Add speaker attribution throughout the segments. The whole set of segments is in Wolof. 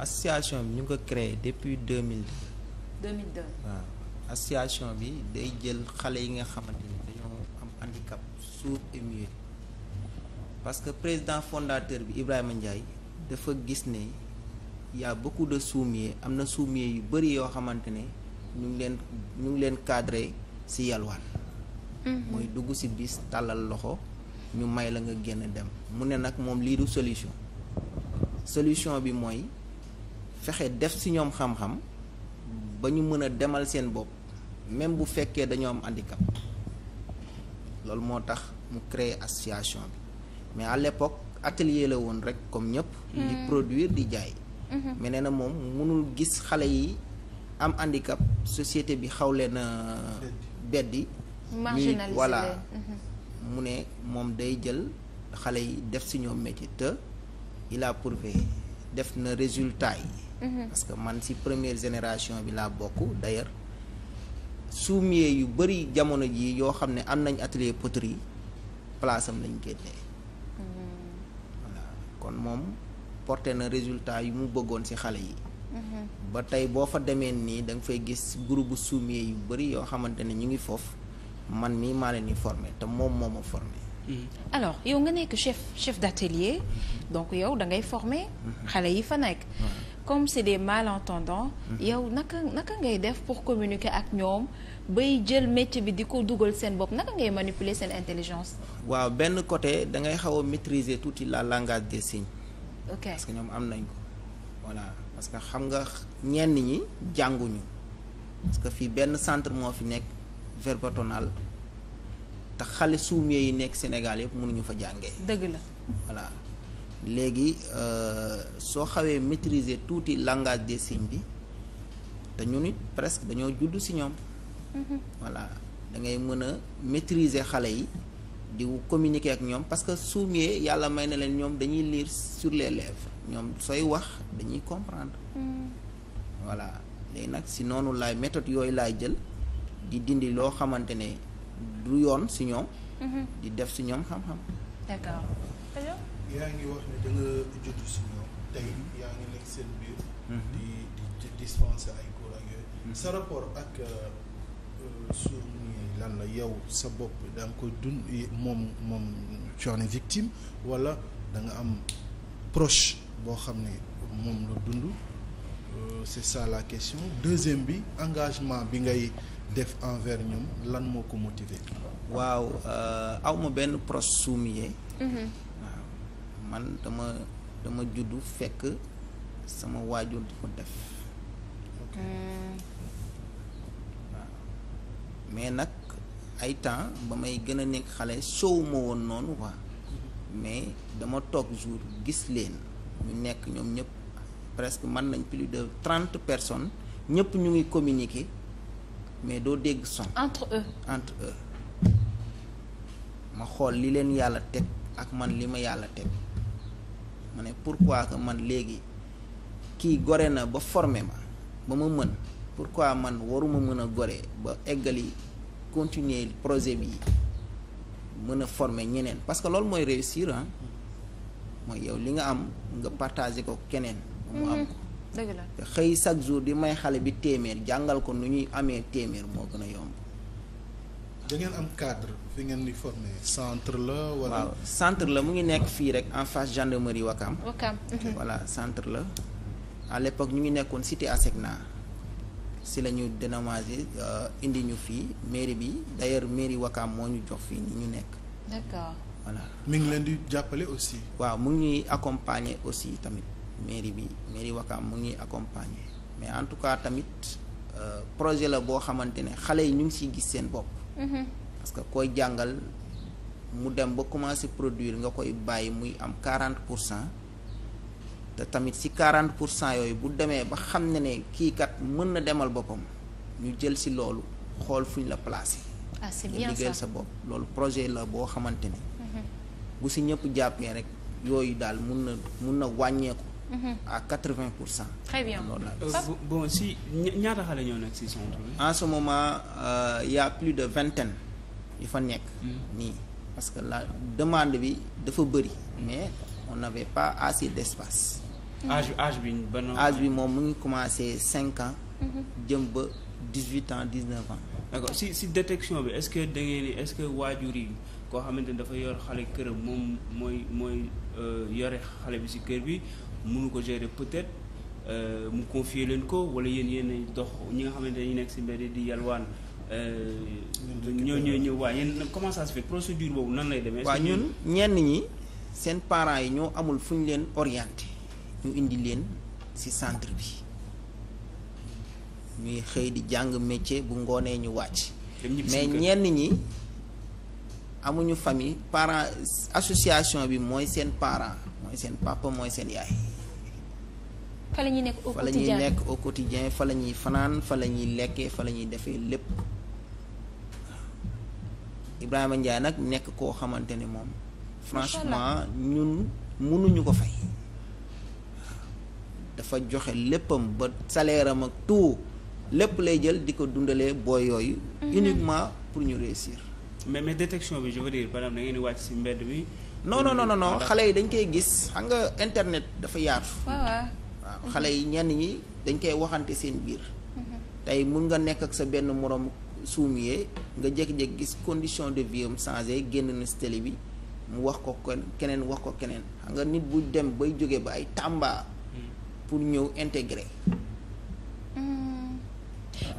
Speaker 1: association bi ñu ngi ko créé depuis deux mille mille deux association bi day jël xale yi nga xamante ni dañoo am handicap sourd et muet parce que président fondateur bi Ibrahima Ndiaye dafa gis ne yaa a beaucoup de sous am na sous yu bëri yoo xamante ne ñu ngi leen ñu ngi leen cadré ci yalwaan. Mm-hmm. mooy dugg ci bis tàllal loxo ñu may la nga génn dem mu ne nag moom lii du solution. solution bi mooy fexe def si ñoom xam-xam ba ñu mën a demal seen bopp même bu fekkee dañoo am handicap loolu moo tax mu créer association bi mais à l'époque atelier la woon rek comme ñëpp. di hmm. produire di jaay. Mhm. mais nee na moom mënul gis xale yi am handicap société bi xaw leen a beddi. marginalisé voilà mhm. mu ne moom day jël xale yi def si ñoom métier te il a prouvé def na résultat yi. Mm-hmm. parce que man si première génération bi laa bokk d'ailleurs soumier yu bëri jamono ji yoo xam ne am nañ atelier poterie place am lañ génnee mm-hmm. voilà kon moom porté na résultat yu mu bëggoon ci xale yi mm-hmm. ba tey boo fa demee nii da nga fay gis groupe soumier yu bëri yoo xamante ne ñu ngi foofu man mii maa leen di formé te moom moo ma formé alors yow nga nekk chef chef d'atelier donc yow da ngay xale yi fa nekk comme c'est des malentendants mhm. yow naka naka ngay def pour communiquer ak ñoom bay jël métier bi di ko dugal seen bopp naka ngay manipuler seen intelligence waaw benn côté da ngay xaw a maîtriser tuuti la langage des signes ok parce que ñoom am nañ ko voilà parce que xam nga ñenn ñi jànguñu parce que fii benn centre moo fi nekk verbotonal tax xale suumier yi nekk Sénégal yëpp mënuñu fa jànge dëgg la voilà léegi euh, soo xawee maîtriser tuuti langage des signes bi te ñun it presque dañoo judd si ñoom. Mm-hmm. voilà da ngay mën a maîtriser xale yi di communiquer ak ñoom parce que suumee yàlla may na leen ñoom dañuy liir sur les lèvres ñoom sooy wax dañuy comprendre. Mm-hmm. voilà léegi nag si noonu laay méthode yooyu laay jël di dindi loo xamante ne du yoon si ñoom. Mm-hmm. di def si ñoom xam-xam. yaa ngi wax ne da nga si ñoom tey yaa ngi nekk seen biir. Mhm. di di dispenser ay cours ak yooyu. Mhm. sa rapport ak euh, euh, suñu lan la yow sa bopp da nga koy dund moom moom tu victime wala da nga am proche boo xam ne moom la dund. Euh, c'est ça la question deuxième bi engagement bi ngay def envers ñoom lan moo ko motiver. waaw awma benn proche soumis mhm. man dama dama juddu fekk sama waajur di ko def hmm. waaw mais nag ay temps ba may gën a nekk xale sow ma woon noonu waa mais dama toog jour gis leen ñu nekk ñoom ñëpp presque man nañ plus de trente personnes ñëpp ñu ngi communiquer mais doo dégg son entre eux entre eux ma xool li leen yàlla teg ak man li ma yàlla teg ma ne pourquoi que man léegi kii gore na ba formé ma ba ma mën pourquoi man waruma mën a gore ba eggali continuer projet bi mën a former ñeneen parce que loolu mooy réussir ah mooy yow li nga am nga partager ko keneen mu am ko mm-hmm. dëgg xëy chaque jour di may xale bi téeméer jàngal ko nu ñuy amee téeméer moo gën a yomb da am cadre fi ngeen di formé centre la. wala waaw centre la mu ngi nekk fii rek en face gendarmerie Wakam. Wakam. Mhm. voilà centre la à ñu ngi nekkoon cité ASECNA si lañu ñu dédommagé euh, indi ñu fii mairie bi d'ailleurs mairie Wakam moo ñu jox fii ñu nekk. d'accord voilà. mi ngi leen di jàppale aussi. waaw mu ngi ñuy accompagner aussi tamit mairie bi mairie Wakam mu ngi ñuy accompagner mais en tout cas tamit euh, projet la boo xamante ne xale yi ñu ngi siy gis seen bopp. Mm-hmm. parce que koy jàngal mu dem ba commencé produire nga koy bàyyi muy am quarante pour cent te tamit si quarante pour cent yooyu bu demee ba xam ne ne kii kat mën na demal boppam ñu jël si loolu xool fu ñu la placé. ah c'est sa bopp loolu projet la boo xamante ni. Mm-hmm. bu si ñëpp jàppee rek yooyu daal mun na mun na wàññeeku. à quatre vingt pour cent. très bien euh, bon si ñaata xale ñoo nekk si centre bi. en ce moment il euh, y a plus de vingtaine yu fa nekk. Mm. nii parce que la demande bi dafa bëri. mais on n'avait pas assez d' espace. Mm. âge bi ban. âge bi moom mu ngi commencé cinq ans. Mm-hmm. jëm ba dix huit ans dix neuf ans. d' accord si si détection bi est ce que da ngeen ce que waajur yi koo xamante ni dafa yor xale këram moom mooy mooy euh, yore xale bi si kër bi. mënu ko gérer peut-être euh, mu confier leen ko wala yéen yéen dox ñi nga xamante ne ñu nekk si mbedd di yalwaan. Euh, ñoo ñoo ñëw waaw yéen comment ça se boobu nan lay demee. waaw ñun ñenn ñi seen parent yi ñoo amul fu ñu leen orienté ñu indi leen ci centre bi ñuy xëy di jàng métier bu ngoonee ñu wàcc. mais ñenn ñi amuñu famille parent association bi mooy seen parent mooy seen papa mooy seen yaay. fa la ñuy nekk au quotidien fa la ñuy nekk au quotidien fa ñuy fanaan fa la ñuy lekkee fa la ñuy defee lépp Ibrahima Ndiaye nag nekk koo xamante ne moom. franchement ñun mënuñu ko fay. dafa joxe léppam ba salaire am ak tout lépp lay jël di ko dundale booy yooyu. Mhm. uniquement pour ñu réussir. mais mais détection bi je veux dire par exemple da ngeen wàcc ci mbedd bi. non non non xale yi dañ koy gis xam internet dafa yaatu. waaw xale yi ñenn ñi dañ koy waxante seen biir tey mun nga nekk ak sa benn moroom suumiyee nga jékki-jékki gis condition de vie am changé génn na si télé bi mu wax ko keneen wax ko keneen xam nga nit bu dem bay jóge ba ay Tamba pour ñëw intégrer hmm.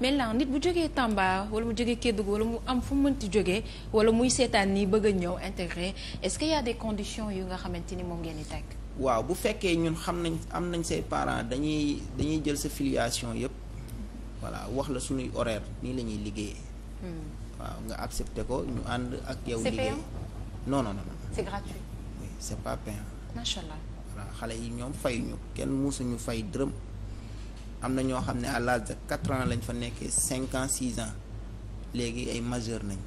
Speaker 1: mais nit bu jógee Tamba wala mu jógee Kédougou wala mu am fu mu mënti jógee wala muy seetaan nii bëgg a ñëw intégrer est-ce qu'il y a des conditions yu nga xamante ni moom ngeen di teg waaw bu fekkee ñun xam nañ am nañ say parent dañuy dañuy jël sa filiation yëpp voilà wax la suñuy horaire nii lañuy ñuy liggéeyee. Hmm. waaw nga accepté ko ñu ànd ak yow. liggéey non non non. c'est gratuit. pas payant. macha xale yi ñoom ñu kenn muusuñu fay dërëm am na ñoo xam ne à l'âge de quatre ans lañ fa nekkee cinquante ans six ans léegi ay majeur nañ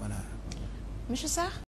Speaker 1: voilà.